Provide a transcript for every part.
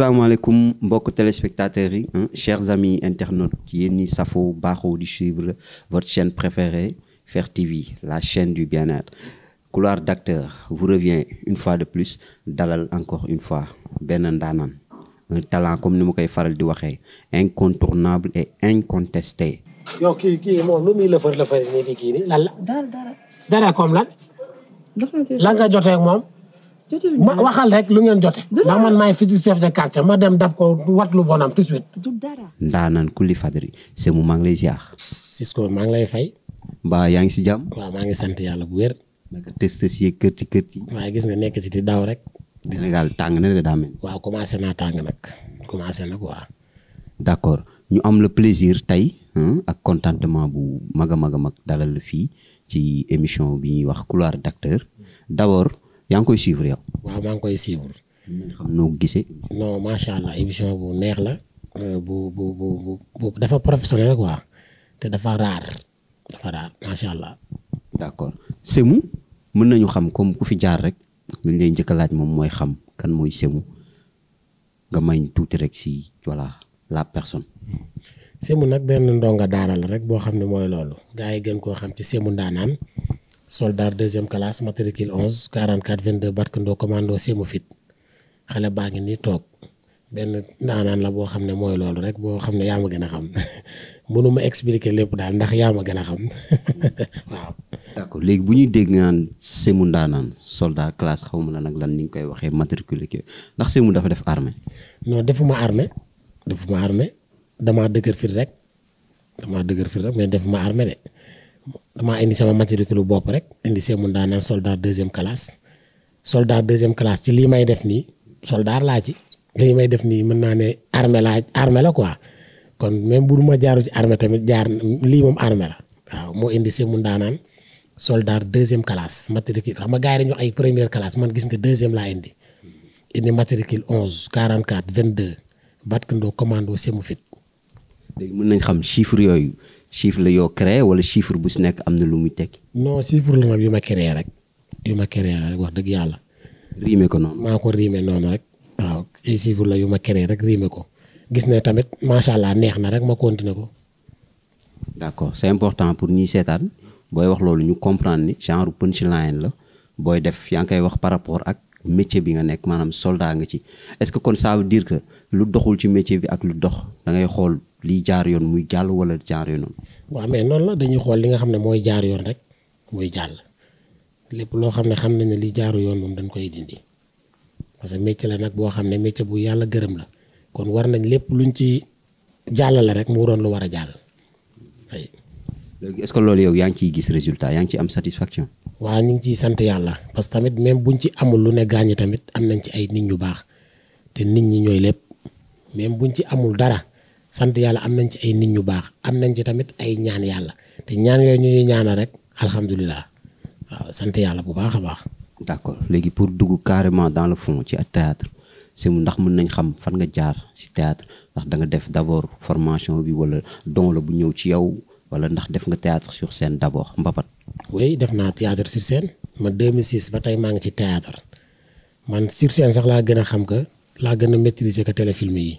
beaucoup de téléspectateurs hein, chers amis internautes Safo suivre votre chaîne préférée Fer TV la chaîne du bien-être couloir d'acteur vous revient une fois de plus dalal encore une fois un talent comme nous incontournable et incontesté. ma waxal rek lu ngeen jote ndax man may fi ci chef de quartier ma dem dab ko wat lu bonam tout de suite ndaanan Kuli Fadri Semou maa mang lay ziar Cisco mang lay fay ba yaa ci jam wa ma ngi sante yalla bu wer nak test ci keur ci waaye gis nga nek ci di daw rek senegal tang na da mel waaw commencé naa tàng nag commencé nag d'accord ñu am le plaisir tay, ak contentement bu maga maga mag dalal fi. ci émission bi ñuy wax couloir d'acteur d'abord yaa ngi koy suivre yow. waaw maa ngi koy suivre. xam noo gisee. non macha émission bu neex la. Euh, bu bu bu bu dafa professionnel quoi te dafa raar dafa raar macha allah. d' accord Sémou mën nañu xam comme ku fi jaar rek li ñu njëkk laaj moom mooy xam kan mooy semu nga may tuuti rek si voilà la personne. Sémou nag benn ndonga daara la rek boo xam ne mooy loolu. gaa yi gën koo xam ci Sémou Ndaanaan. soldat deuxième classe matricule 11 44 22 Barkando commando Semofit xale baa ngi tok ben benn la bo xam moy lolu rek bo xam yama gëna xam mënu ma expliquer lepp dal ndax yama gëna xam waaw. d'accord léegi bu ñuy dégg naan Semou ndaanaan soldat classe xaw la nak lan ni koy waxee matriculé ki ndax semu dafa def armée. non defuma armée defuma armée dama deuguer fi rek dama deuguer fi rek mais defuma armée de. damaa indi sama matricule bopp rek indi seemu ndaanaan soldat deuxième classe soldaar deuxième classe ci lii may def nii soldat laa ci lii may def nii mën naa ne armée laa armée la kon même bu ma jaaru ci armée tamit jaar lii moom armée la waaw moo indi seemu ndaanaan soldat deuxième classe matricule xam nga gars yi dañuy wax ay première classe man gis nga deuxième laa indi indi matricule onze quarante quatre vingt deux Batkandoo commando Semu Fit. léegi mën nañ xam chiffre yooyu. chiffre la créé chiffre bu si amna lu muy non chiffre créé rek chiffre la créé rek ko gis ne tamit neex na rek ko. important pour nous. wax ñu comprendre ni genre punchline la boy def wax par rapport ak. métier bi nga nek manam soldat nga ci est-ce que kon ça dire que lu doxul ci métier bi ak lu lii jaar yoon muy jàll wala jaar yoon. waaw mais noonu la dañuy xool li nga xam ne mooy jaar yoon rek muy jàll lépp loo xam ne xam nañ ne lii jaaru yoon moom dañ koy dindi parce que métier la nag boo xam ne métier bu yàlla gërëm la kon war nañ lépp luñ ci jàllale rek mu doon lu war a jàll. léegi est-ce loolu yow yaa ngi ciy gis résultat yaa ngi ciy am satisfaction. waa ñu ngi ciy sant yàlla parce que tamit même buñ ci amul lu ne gaañi tamit am nañ ci ay nit ñu baax te nit ñi ñooy lépp même buñ ci amul dara sant yalla am nañ ci ay nit ñu baax am nañ ci tamit ay ñaan yalla te ñaan yooyu ñu ñuy ñaanal rek alhamdullilah waaw sant yalla bu baax baax. d'accord accord pour dugg carrément dans le fond ci théâtre si ndax mën nañ xam fan nga jaar ci théâtre ndax da nga def d'abord formation bi wala don la bu ñew ci yow wala ndax def nga théâtre sur scène d'abord abord mbapat. oui def na théâtre sur scène ma 2006 ba tay ma ngi ci théâtre man sur scène sax la gëna xam que la gëna maîtriser que téléfilm yi.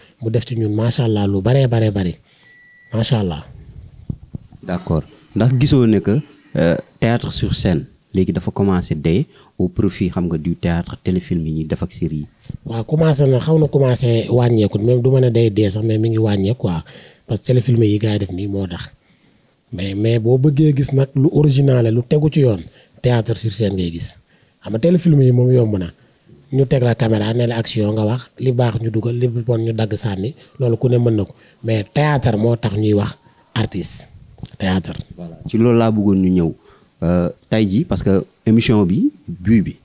mu def ci ñun macha allah lu baree baree bari macha allah. d' accord ndax gisoo ne que euh, théâtre sur scène léegi dafa commencé de au profit xam nga du théâtre téléfilm yi ñuy def ak série yi. waaw commencé na xaw na commencé wàññeeku même du mën day dee sax mais mi ngi wàññeeku quoi parce que téléfilm yi gars nii moo tax mais mais boo bëggee gis nag lu original lu tegu ci yoon théâtre sur scène ngay gis xam nga téléfilm yi moom yomb na ñu teg la caméra ne la action nga wax li baax ñu dugal li bon ñu dagg sànni loolu ku ne mën na ko mais théâtre moo tax ñuy wax artiste théâtre ci loolu laa bëggoon ñu ñëw euh, tey jii parce que émission bi but bi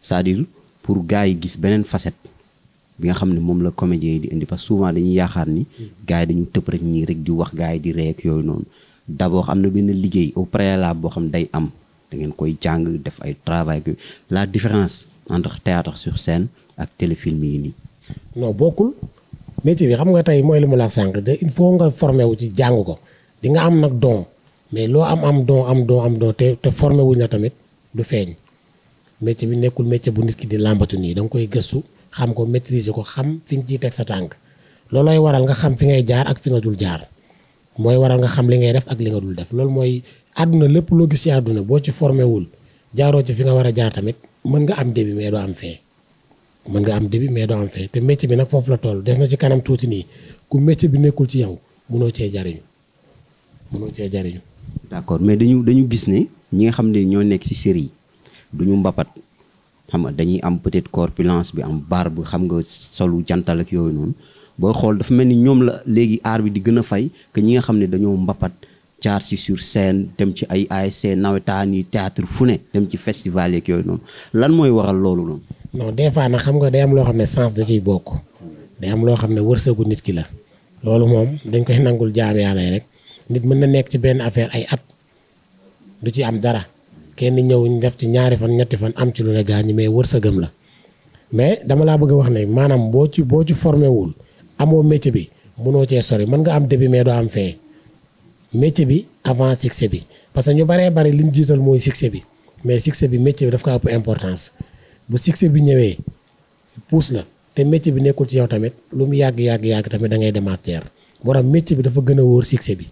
cest pour gars yi gis beneen facette bi nga xam ne moom la comédien yi di indi parce souvent dañuy yaakaar ni gars yi dañu tëb rek ñii rek di wax gars yi di ak yooyu noonu d'abord am na benn liggéey au préalable boo xam day am da ngeen koy jàng def ay travail la différence entre théâtre sur scène ak téléfilm yi non beaucoup, métier tu xam nga de il faut nga formé wu ci jàng ko di nga don mais tu am am don am don am don te formé tamit du métier métier bu nit ki di koy xam ko maîtriser ko xam texte sa waral ak fi dul waral nga xam li ngay def ak li nga dul def loolu moy aduna lepp lo gis ci aduna bo ci formé wul jaaro ci fi mën nga am début mais doo am fin mën nga am début mais doo am fin te métier bi nag foofu la toll des na ci kanam tuuti nii ku métier bi nekkul ci yow mënoo cee jariñu mënoo cee jariñu. d'accord mais dañu dañu gis ne ñi nga xam ne ñoo nekk ci série duñu mbapat xam nga dañuy am peut-être corpulence bi am baar barbe xam nga solu jantal ak yooyu noonu booy xool dafa mel ni ñoom la léegi aar bi di gën a fay que ñi nga xam ne dañoo mbappat jaar ci sur scène dem ci ay ASC nawetaan yi théâtre fu ne dem ci festival yeeg yooyu noonu lan mooy waral loolu noonu. non fois nag xam nga day am loo xam ne sens da ciy bokk day am loo xam ne wërsëgu nit ki la loolu moom dañ koy nangul jaam yàlla rek nit mën na nekk ci benn affaire ay at du ci am dara kenn ñëw ñu def ci ñaari fan ñetti fan am ci lu ne gaañ mais wërsëgam la mais dama laa bëgg wax ne maanaam boo ci boo ci formé wul amoo métier bi mënoo cee sori mën nga am début mais doo am fee. métier bi avant succès bi parce que ñu baree bari li ñu jiital mooy succès bi mais succès bi métier bi daf ko importance bu succès bi ñëwé pousse la té métier bi nekkul ci yow tamit lu mu yag yag yag tamit da ngay demaat terre borom métier bi dafa gëna wër succès bi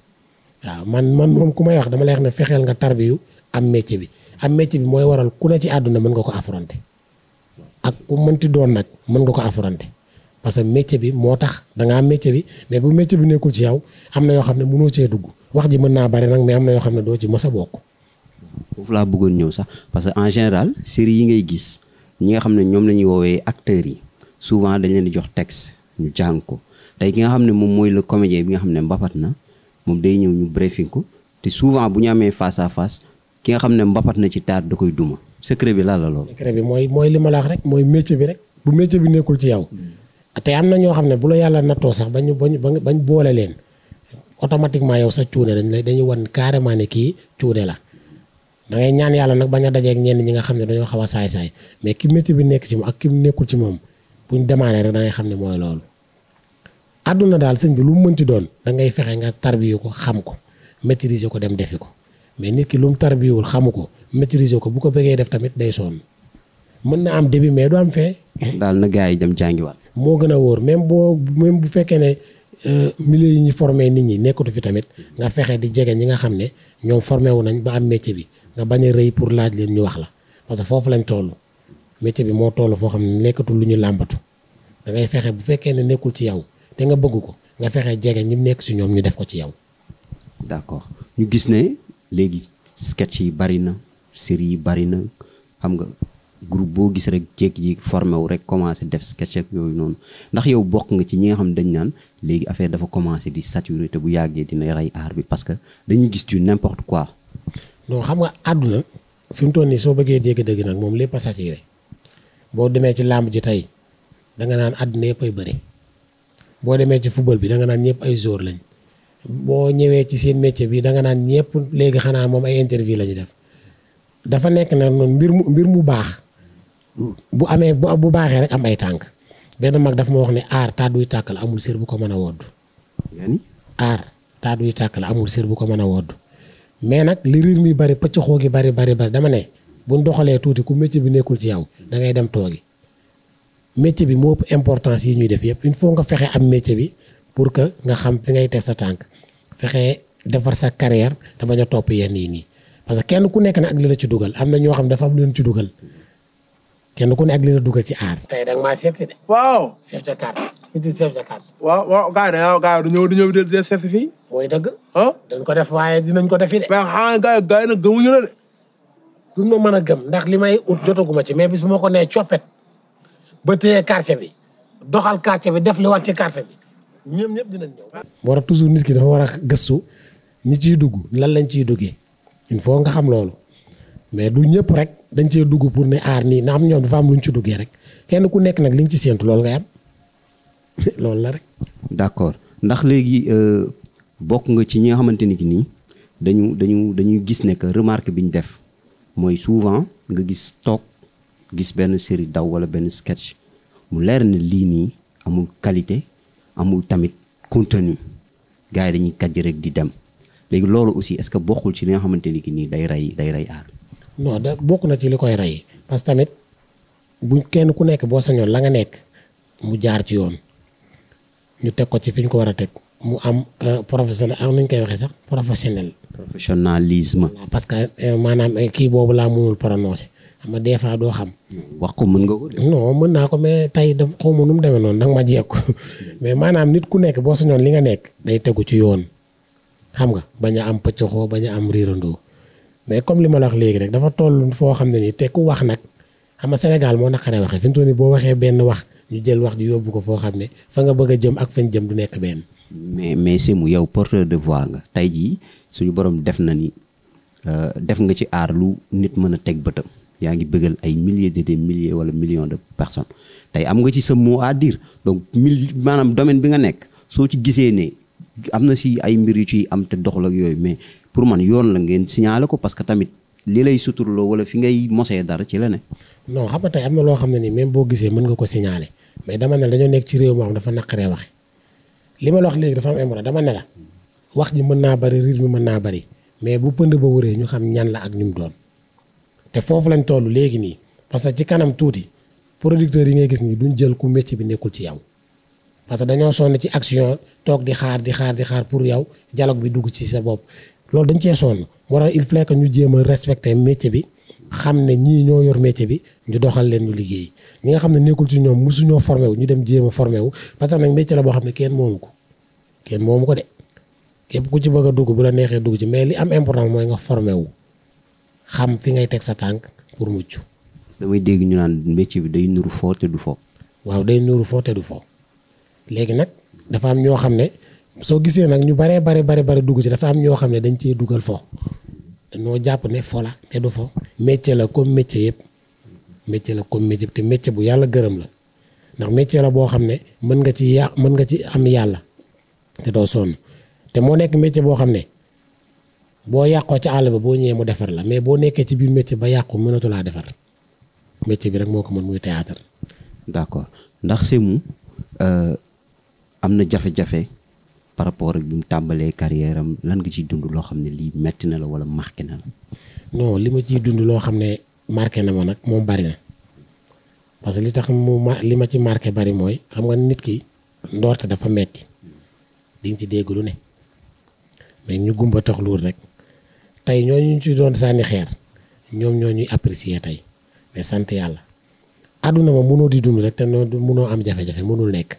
wa man man mom kuma wax dama lay wax ne fexeel nga tarbiyu am métier bi am métier bi moy waral ku ne ci aduna mën nga ko affronter ak ku mënti doon nak mën nga ko affronter parce que métier bi motax da nga am métier bi mais bu métier bi nekkul ci yow amna yo yoo mëno ne dugg. wax ji mën naa bari nag mais am na yoo xam ne doo ci mës a bokk. foofu laa bëggoon ñëw sax parce que en général série yi ngay gis ñi nga xam ne ñoom la ñuy woowee acteurs yi souvent dañ leen di jox texte ñu jàng ko tey ki xam ne moom mooy le comédien bi nga xam ne mbapat na moom day ñëw ñu briefing ko te souvent bu ñu amee face à face ki nga xam ne mbapat na ci taat da koy duma secret bi lan la loolu. secret bi mooy mooy li ma rek mooy métier bi rek bu métier bi nekkul ci yow. Hmm. te am na ñoo xam ne bu la yàlla nattoo sax bañ bañ bañ boole leen. automatiquement yow sa cuune dañ lay dañuy wan carrément kii cuune la da ñaan yàlla nag bañ a dajeeg ñenn ñi nga xam ne dañoo xaw a saay-saay mais ki métier bi nekk ci moom ak ki nekkul rek da ngay xam ni mooy loolu. àdduna daal sëñ bi lu mu mënti doon da ngay fexe nga tarbiyu ko xam ko maîtriser ko dem defi ko mais nit ki lu mu tarbiyuwul xamu ko maîtriser ko bu ko bëggee def tamit day sonn mën na am début mais du am fee. daal na yi dem jàngiwaat. moo gën a wóor même bu fekkee Euh, milieu yi ñu formé nit ñi nekkatu fi tamit nga fexe di jege ñi nga xam ne ñoom formé wu nañ ba am métier bi nga bañ a rëy pour laaj leen ñu wax la parce que foofu lañ toll métier bi moo toll foo xam ne nekkatul lu ñu làmbatu da ngay fexe bu fekkee ne nekkul ci yow te nga bëgg ko nga fexe jege ñi nekk si ñoom ñu def ko ci yow. d'accord ñu gis ne léegi sketch yi bari na série yi bari na xam nga. groupe boo gis rek jékki ji formé wu rek commencé def sketch yooyu noonu ndax yow bokk nga ci ñi nga xam dañ naan léegi affaire dafa commencé di saturé te bu yàggee dina rey aar bi parce que dañuy gis ci n'importe quoi. non xam nga àdduna fi mu toll nii soo bëggee dégg-dégg nag moom lépp a saturé boo demee ci làmb ji tey da nga naan àdduna yëpp ay bëri boo demee ci football bi da nga naan ñëpp ay jour lañ boo ñëwee ci seen métier bi da nga naan ñëpp léegi xanaa moom ay interview la ñu def dafa nekk nag mbir mu mbir mu baax. bu amé bu bu baxé rek am ay tank ben mag daf mo wax ne ar ta duy takal amul sir bu ko mëna a yani ar ta duy takal amul sir bu ko mëna a wodd mais nak li rir mi bari pecc xogi bari bari bari dama ne bu ndoxalé touti ku métier bi nekul ci yaw da ngay dem togi métier bi moo ëpp importance yi ñuy def yépp une fois nga fexé am métier bi pour que nga xam fi ngay tek sa tank fexé defar sa carrière te baña top topp yenn yi parce que kenn ku nekk ne ak li la ci duggal am na xam dafa am lu leen ci duggal kenn ku ne ak li ci aar. tey da nga maa seet si de. waaw chef de carte. fii ci chef de waaw waaw gars yi du ñëw du ñëw di def seet si fii. mooy dëgg. ah dañ ko def waaye dinañ ko def de. mais xanaa gars yi gars yi de. duñ ma mën a gëm ndax li may ut jotaguma ci mais bis bu ma ko nee coppet ba téye quartier bi doxal quartier bi def li war ci quartier bi ñoom ñëpp dinañ ñëw. moo tax toujours nit ki dafa war a gëstu ñi ciy dugg lan lañ ciy duggee il faut nga xam loolu mais du ñëpp rek. dañ cee dugg pour ne aar nii na am ñoom dafa am ñu ci duggee rek kenn ku nekk nag li nga ci séentu loolu ngay am loolu la rek. d'accord ndax léegi euh, bokk nga ci ñi nga xamante ni nii dañu dañu dañuy gis ne que remarque bi ñu def mooy souvent nga gis toog gis benn série daw wala benn sketch mu leer ne lii nii amul qualité amul tamit contenu gars yi dañuy kàjj rek di dem léegi loolu aussi est-ce que ci li nga xamante ni nii day rey day rey aar. non da bokk na ci li koy rey parce que tamit bu kenn ku nekk boo sañoon la nga nekk mu jaar ci yoon ñu teg ko ci fi ñu ko war a teg mu am euh, professionnel am nañ koy waxee sax professionnel. professionnalisme. parce que euh, maanaam euh, kii boobu laa mënul prononcer xam des fois doo xam. wax ko mën nga ko non mën naa ko mais tey daf xaw ma nu mu demee noonu danga ma jeex mais maanaam nit ku nekk boo sañoon li nga nekk day tegu ci yoon xam nga bañ a am pëccëxoo bañ a am riirandoo. mais comme li ma la wax léegi rek dafa toll foo xam ne nii te ku wax nag xam ma Sénégal moo naqaree waxee fi mu toll boo waxee benn wax ñu jël wax di yóbbu ko foo xam ne fa nga bëgg a jëm ak fañ jëm du nekk benn. mais mais Sémou yow porteur de voix nga tey jii suñu borom def na ni euh, def nga ci aar lu nit mën a teg bëtam yaa ngi bëggal ay milliers de des milliers wala millions de personnes tey am nga ci sa mot à dire donc mil maanaam domaine bi nga nekk soo ci gisee ne am na si ay mbir yu ciy am te doxul ak yooyu mais. pour man yoon la ngeen signaler ko parce que tamit li lay lo wala fi ngay mosee dara ci lene ne. non xam tay amna lo na ni même bo gisee mën nga ko signaler mais dama ne dañu nek ci réew moo xam dafa naqaree wax li ma wax léegi dafa am importance dama ne la wax ji mën bari rythme mën bari mais bu pënd ba wëree ñu xam ñan la ak ñum doon te fofu lañ tollu léegi ni parce que ci kanam touti producteur yi ngay gis ni duñ jël ku métier bi nekul ci yaw parce que dañu sonni ci action tok di xaar di xaar di xaar pour yaw dialogue bi dugg ci sa bop loolu dañ cee sonn waral il faut ñu jéem a respecter métier bi xam ne ñii ñoo yor métier bi ñu doxal leen ñu liggéey ñi nga xam ne nekkul ci ñoom mosuñoo formé wu ñu dem jéem a formé wu parce que nag métier la boo xam ne kenn moomu ko kenn moomu ko de képp ku ci bëgg a dugg bu la neexee dugg ci mais li am important mooy nga formé wu xam fi ngay teg sa tànk pour mucc. damay dégg ñu naan métier bi day nuru foo te du foo. waaw day nuru foo te du foo léegi nag dafa ñoo xam ne soo gisee nag ñu baree bare bari bari dugg ci dafa am ñoo xam ne dañ cee dugal fo dañoo jàpp ne fo la te du fo métier la comme métier yëpp métier la comme métier te métier bu yàlla gërëm la ndax métier la boo xam ne mën nga ci yà mën nga ci am yàlla te doo sonn te moo nekk métier boo xam ne boo yàqoo ci àll ba boo ñëwee mu defar la mais boo nekkee ci biir métier ba yàqu mënatu laa defar métier bi rek moo ko mën muy théâtre. d'accord ndax Sémou euh, am na jafe-jafe. par rapport ak bi mu tàmbalee carrière lan nga ciy dund loo xam ne lii metti na la wala marqué na la. non li ma ciy dund loo xam ne marqué na ma nag moom bari na parce que li tax mu ma li ma ci marqué bari mooy xam nga nit ki ndoorte dafa metti di ci dégg lu ne mais ñu gumba tax luur rek tey ñoo ñu ci doon sànni xeer ñoom ñoo ñuy apprécier tey mais sant yàlla. adduna ma mënoo di dund rek te noo mënoo am jafe-jafe mënul nekk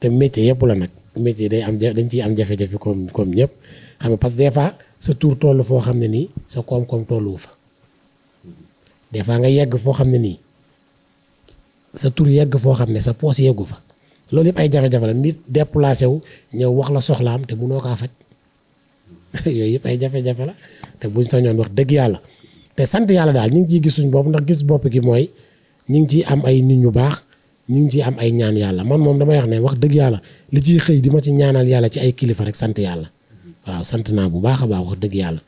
te métier yëpp la nag. métier yi day am dañ ciy am jafe-jafe comme comme ñëpp xam nga parce que des fois sa tour toll foo xam ne nii sa koom-koom tolluwu fa des fois nga yegg foo xam ne nii sa tur yegg foo xam ne sa poos yeggu fa loolu yëpp ay jafe-jafe la nit déplacé wu ñëw wax la soxlaam te mënoo kaa faj yooyu yëpp ay jafe-jafe la te buñ sañoon wax dëgg yàlla te sant yàlla daal ñu ngi ciy gis suñ bopp ndax gis bopp gi mooy ñu ngi ciy am ay nit ñu baax ñu ngi ciy am ay ñaan yàlla man moom dama wax ne wax dëgg yàlla li ciy xëy di ma ci ñaanal yàlla ci ay kilifa rek sant yàlla waaw sant naa bu baax a baax wax dëgg yàlla.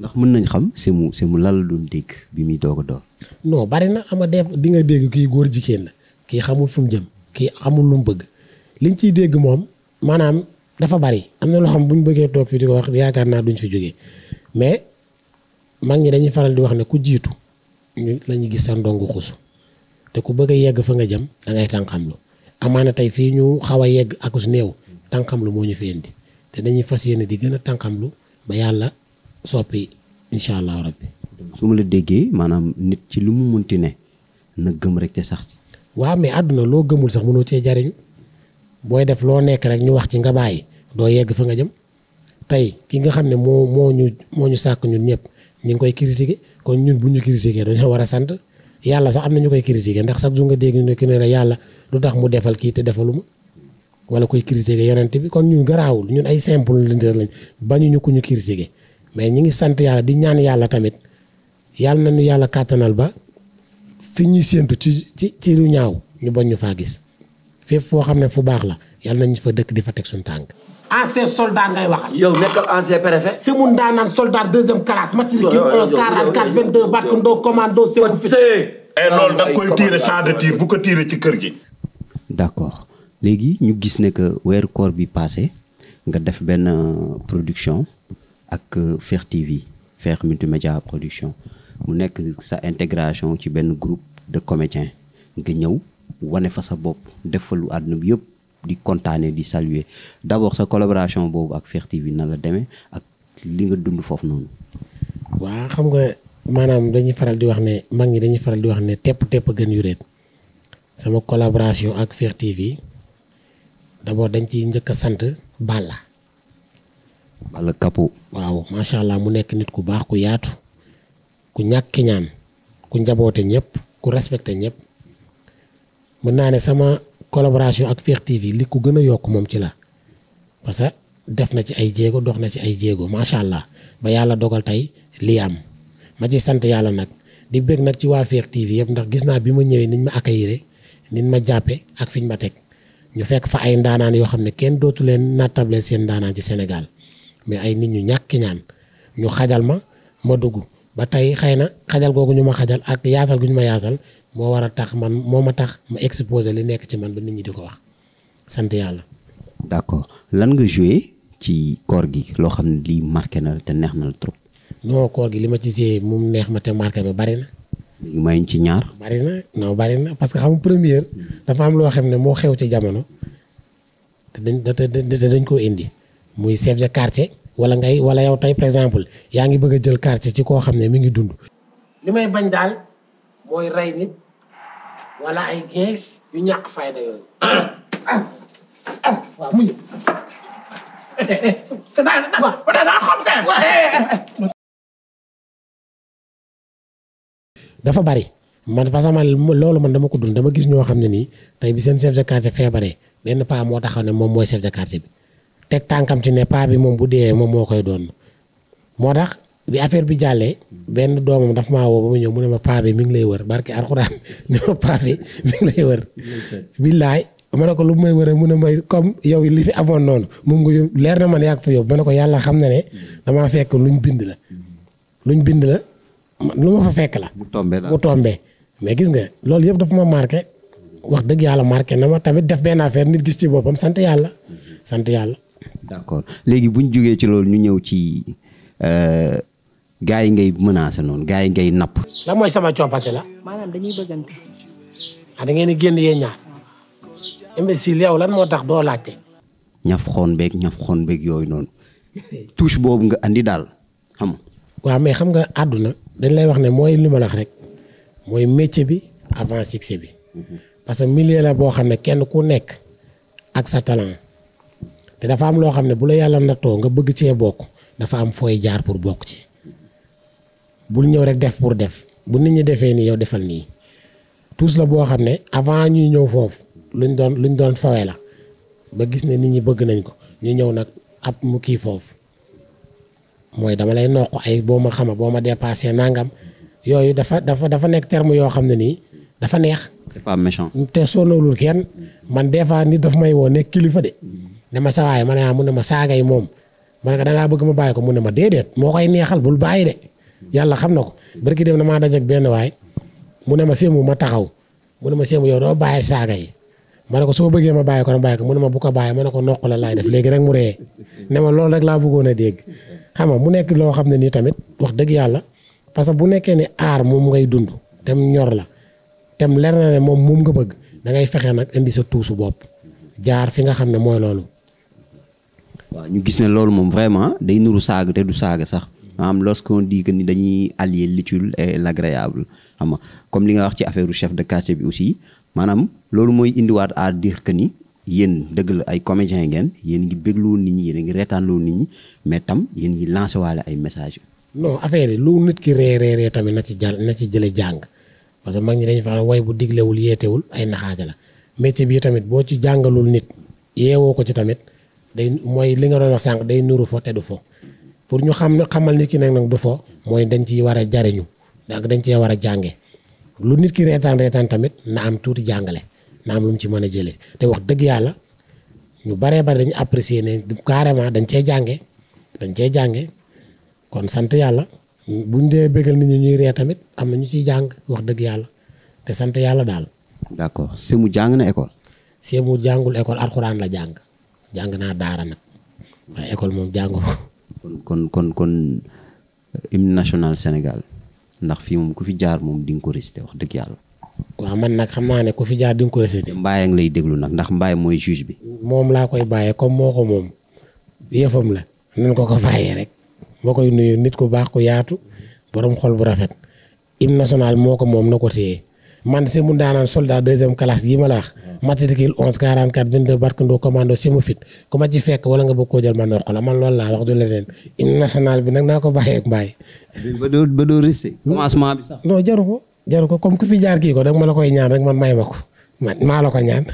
ndax mën nañ xam si mu si mu la doon dégg bi muy doog a door. non bari na ama def di nga dégg kii góor jigéen la kii xamul fu jëm kii xamul lu mu bëgg liñ ciy dégg moom maanaam dafa bari am na loo xam bu ñu bëggee toog fii di ko wax yaakaar naa duñ fi jógee mais mag ñi dañuy faral di wax ne ku jiitu ñu la ñuy gis te ku bëgg a yegg fa nga jëm da ngay tànqamlu amaana tey fii ñu xaw a yegg akus néew tànqamlu moo ñu fi di te dañuy fas yéene di gën a lu ba yàlla soppi incha allah rabbi. su ma la déggee maanaam nit ci lu mu munti ne na gëm rek te sax ci. waaw mais àdduna loo gëmul sax mënoo cee jariñu booy def loo nekk rek ñu wax ci nga bàyyi doo yegg fa nga jëm tey ki nga xam ne moo moo ñu moo ñu sàkk ñun ñëpp ñu ngi koy critiquer kon ñun bu ñu critiquer dañoo war a sant. yàlla sax am na ñu koy critiquer ndax sax du nga dégg ne ki ne la yàlla lu tax mu defal kii te defaluma wala koy critiquer yonent bi kon ñun garaawul ñun ay simple leader lañ bañuñu ku ñu critiquer mais ñi ngi sant yàlla di ñaan yàlla tamit yàlla nañu yàlla kàttanal ba fi ñuy séentu ci ci ci lu ñaaw ñu bañ ñu faa gis fépp foo xam ne fu baax la yàlla nañu fa dëkk di fa teg suñu tànk. ancien soldat ngay wax. yow nekkal ancien préfet. si mu ndaanaan soldat deuxième classe. matriculé 11 44 22 barkando commando. et eh, lol da koy tirer champ de tir bu ko tirer ci keur gi. d'accord léegi ñu gis ne que weeru koor bi passé nga def ben production ak euh, fer TV fer multimédia production mu nek sa intégration ci ben groupe de comédiens nga ñew wone fa sa bop defalu fa lu di kontaane di saluer d' sa collaboration boobu ak Fekh TV nan la ak li nga dund foofu noonu. waa xam nga maanaam dañuy faral di wax ne mag ñi dañuy faral di wax ne tepp tepp gën yu réet sama collaboration ak Fekh TV d' abord dañ ciy njëkk a sant Balla. Balla Kapo. waaw macha allah mu nekk nit ku baax ku yaatu ku ñàkk ñaan ku njaboote ku respecté mën sama. collaboration ak Fekh TV li ko gën a yokk moom ci la parce que def na ci ay jéego dox na ci ay jéego macha allah ba yàlla dogal tey lii am ma ci sant yàlla nag di bëgg nag ci waa Fekh TV yëpp ndax gis naa bi ma ñëwee niñ ma accueillir niñ ma jàppee ak fiñ ma teg ñu fekk fa ay ndaanaan yoo xam ne kenn dootu leen nattable seen ndaanaan ci Sénégal mais ay nit ñu ñàkk ñaan ñu xajal ma ma dugg ba tey xëy na xajal googu ñu ma xajal ak yaatal gu ñu ma yaatal moo war tax man moo ma tax ma exposé li nekk ci man ba nit ñi di ko wax sant yàlla. d' accord lan nga joué ci koor gi loo xam ne lii marqué na te neex na la trop. non koor gi li ci joué moom neex ma te marqué ma bari na. mayuñ ci ñaar. bari na non bari na parce que xam première dafa am loo xam ne xew ci jamono te dañ dañ koo indi muy chef de quartier wala ngay wala yow tey par exemple yaa ngi bëgg a jël quartier ci koo xam ne mi ngi dund. li may bañ daal mooy rey nit. wala ay yu ñàkk dafa bari man parce que man loolu man dama ko dund dama gis ñoo xam ne nii tey bi seen chef de quartier feebaree benn paa moo taxaw ne moom mooy chef de quartier bi teg tànkam ci ne paa bi moom bu deewee moom moo koy doon moo tax bi affaire bi jalle ben doomam daf ma wo bama ñew mu ne ma paa bi mi ngi lay wër barki alquran ne ma paa bi mi ngi lay wër. billahi ma ne ko lu may wëre mu ne may comme yow li fi amoon non mu ngi leer na man yak fa yow ma ko yalla xam na ne dama fekk luñ bind la. luñ bind la lu ma fa fekk la. bu tombé la bu tombé mais gis nga lool yëpp daf ma marqué wax dëgg yàlla marqué na ma tamit def benn affaire nit gis ci boppam sant yàlla mhm. sant yàlla. d'accord léegi buñ jugee ci loolu ñu ñëw ci. Euh, gaa yi ngay menacé noonu gaa yi ngay napp. lan mooy sama coppate la. maanaam dañuy bëggante. ah da ngeen di génn yéen ñaar. imbécile yow tax doo laajte. ñaf xoon beeg beeg yooyu noonu touche boobu nga andi daal xam mais xam nga àdduna dañ lay wax ne mooy li ma wax rek mooy métier bi avant succès bi. parce que milieu la boo xam ne kenn ku nekk ak sa talent. te dafa am loo xam ne bu la yàlla nattoo nga bëgg cee bokk dafa am fooy jaar pour bokk ci. bul ñëw rek def pour def bu nit ñi defee nii yow defal nii tous la boo xam ne avant ñuy ñëw foofu luñ doon luñ doon fawe la ba gis ne nit ñi bëgg nañ ko ñu ñëw nag ab mu kii foofu mooy dama lay noq ay boo ma xama boo ma dépassé nangam yooyu dafa dafa dafa nekk terme yoo xam ne nii dafa neex. c'est pas méchant. te sonalul kenn man des fois nit daf may woo nekk kilifa de ne ma sa waay ma ne ah mu ne ma saagay moom ma ne ko da ngaa bëgg ma bàyyi ko mun ne ma déedéet moo koy neexal bul bàyyi de. yàlla xam na ko barki dem damaa daj ak benn waay mu ne ma séemu ma taxaw mu ne ma séemu yow doo bàyyi saaga yi ma ne ko soo bëggee ma bàyyi ko dama bàyyi ko ma bu ko bàyyi ma ne ko noq la laay def léegi rek mu ree ne ma loolu rek laa bëggoon a dégg xam nga mu nekk loo xam ne nii tamit wax dëgg yàlla parce que bu nekkee ne aar moom ngay dund tem ñor la tem leer na ne moom moom nga bëgg dangay ngay fexe nag indi sa tuusu bopp jaar fi nga xam ne mooy loolu. waaw ñu gis ne loolu moom vraiment day nuru saaga te du saaga sax. am lorsqu'on dit que ni dañuy allier l'utile et l'agréable xam comme li nga wax ci affaire chef de quartier bi aussi maanaam loolu mooy indiwaat à dire que ni yéen dëgg la ay comédien ngeen yéen ngi bégloo nit ñi yéen ngi reetaanloo nit ñi mais tam yéen ngi lancé waale ay message non affaire lu nit ki ree ree ree tamit na ci jàll na ci jële jàng parce que mag ñi dañu fa way bu diglewul yeetewul ay naxaaja la métier bi tamit boo ci jàngalul nit yeewoo ko ci tamit day mooy li nga doon wax sànq day nuru fo te du fo pour ñu xam ne xamal nit ki nag nag du fo mooy dañ ciy war a jariñu ak dañ cee war a jànge lu nit ki reetaan reetaan tamit na am tuuti jàngale na am lu mu ci mën a jëlee te wax dëgg yàlla ñu baree bari dañu apprécier ne carrément dañ cee jànge dañ cee jànge kon sant yàlla buñ dee bëggal nit ñi ree tamit am na ñu ciy jàng wax dëgg yàlla te sant yàlla daal. d'accord Sémou jàng na école. Sémou jàngul école alxuraan la jàng jàng naa daara nag waaye école moom jàngu ko kon kon kon kon euh, hymne national Sénégal ndax fii moom ku fi jaar moom di nga ko récité wax dëgg yàlla. waaw man nag xam naa ne ku fi jaar di nga ko récité. Mbaye ngi lay déglu nag ndax Mbaye mooy juge bi. moom laa koy bàyyee comme moo ko moom yëfam la nañ ko ko bàyyee rek moo koy nuyu nit ku baax ku yaatu borom xol bu rafet hymne national moo ko moom na ko téye. man si mu daanaan soldat deuxième classe yi ma la wax matricule 11 44 22 barkandoo commando si mu fit ku ma ci fekk wala nga bëgg koo jël ma noq la man loolu laa wax du leneen hymne national bi nag naa ko bàyyee ak mbaay. ba doo ba doo risqué hmm? commencement bi sax. non jaru ko jaru ko comme ku fi jaar kii ko rek ma la koy ñaan rek man may ma ko man maa la ko ñaan.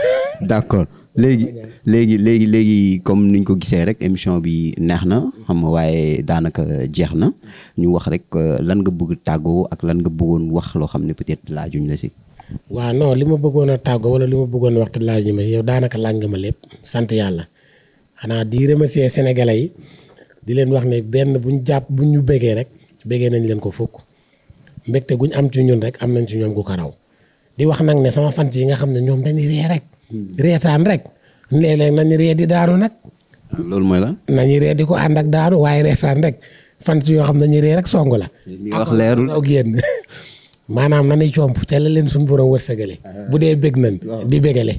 d'accord. léegi léegi léegi léegi comme niñ ko gisee rek émission bi neex na xam nga waaye daanaka jeex na ñu wax rek euh, lan nga bëgg tàggoo ak lan nga bëggoon wax loo xam ne peut-être laajuñ la si. waa non li ma bëggoon a tàggoo wala li ma bëggoon a wax te laajuñ ma si yow daanaka laaj nga ma lépp sant yàlla xanaa di remercier sénégalais yi di leen wax ne benn bu ñu jàpp bu ñu bëggee rek bëggee nañ leen ko fukk mbégte guñ am ci ñun rek am nañ ci ñoom gu ko raw di wax nag ne sama fans yi nga xam ne ñoom rek. reetaan rek léeg-léeg nañu ree di daanu nag. Ah, loolu mooy la. nañu ree di ko ànd ak daanu waaye reetaan rek fant yoo xam nañu ree rek song la. li wax leerul ak yéen maanaam nañuy la leen suñu borom wërsëgale. Ah. bu dee bég nañ. di bégale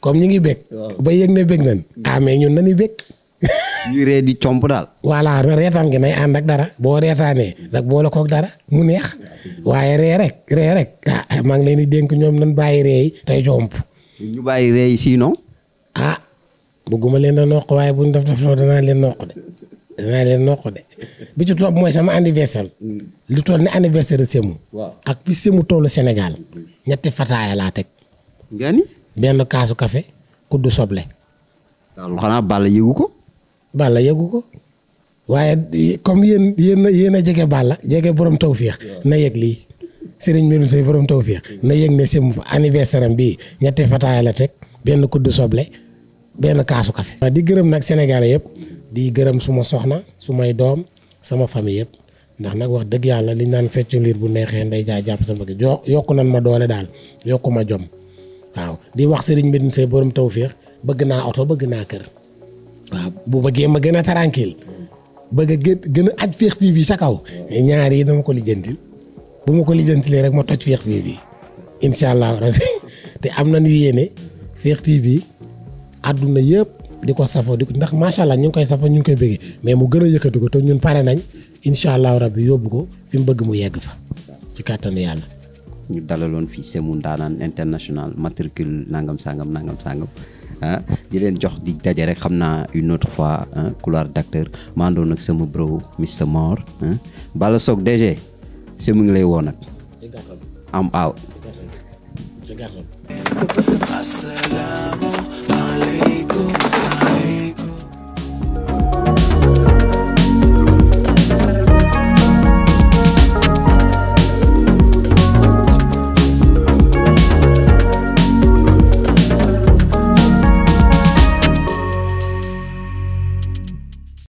comme ñu ngi bég. ba yëg ne bég nañ. ah mais ñun nañu bég. ñuy ree di comp daal. voilà reetaan gi nay ànd ak dara boo reesaanee nag boole kook dara mu neex waaye ree rek ree rek ah maa ngi leen di dénk ñoom nañ bàyyi ree yi tey comp. ñu bàyyi rey sinon. ah bëgguma leen a noq waaye buñ def def loolu danaa leen noq de danaa leen noq de bi ci topp mooy sama anniversaire. Mm. lu toll ne anniversaire semu waaw ak bi semu tollu Sénégal. ñetti fataaya laa teg. nga benn kaasu kafe kuddu soble. waaw xanaa Balla yëgu ko. Balla yëgu ko. waaye comme yéen yéen yéen a jege Balla jege borom tawféex na yëg lii. Serigne Medoune Seye borom tawfeex na yëg ne sim anniversaire am bii ñetti fataaya la teg benn kudd soble benn kaasu kafe di gërëm nag Sénégalais yëpp di gërëm suma soxna su may doom sama famille yëpp ndax nag wax dëgg yàlla liñ naan feccu liir bu neexee nday jaay sama kii jo yokku nan ma doole daal yokku ma jom waaw di wax sëriñ Serigne Medoune Seye borom tawfeex bëgg naa oto bëgg naa kër waaw bu bëggee ma gën a tranquille bëgg a gën a aj Fekh TV sa kaw ñaar yi dama ko lijjantil bu ma ko lijjantilee rek ma toj Fekh TV incha allah rabbi te am nañu yéene Fekh TV àdduna yëpp di ko safoo di ko ndax macha allah ñu ngi koy safoo ñu ngi koy bëggee mais mu gën a yëkkati ko te ñun pare nañ incha allah rabbi yóbbu ko fi mu bëgg mu yegg fa ci kàttanu yàlla. ñu dalaloon fii Semou ndaanaan international matricule nangam sangam nangam sangam ah di leen jox di daje rek xam naa une autre fois ah, couloir d'acteur maa ndoon ak sama b Mister Mor ah. Balla Sock DG. si mu ngi lay woo nag am aaw.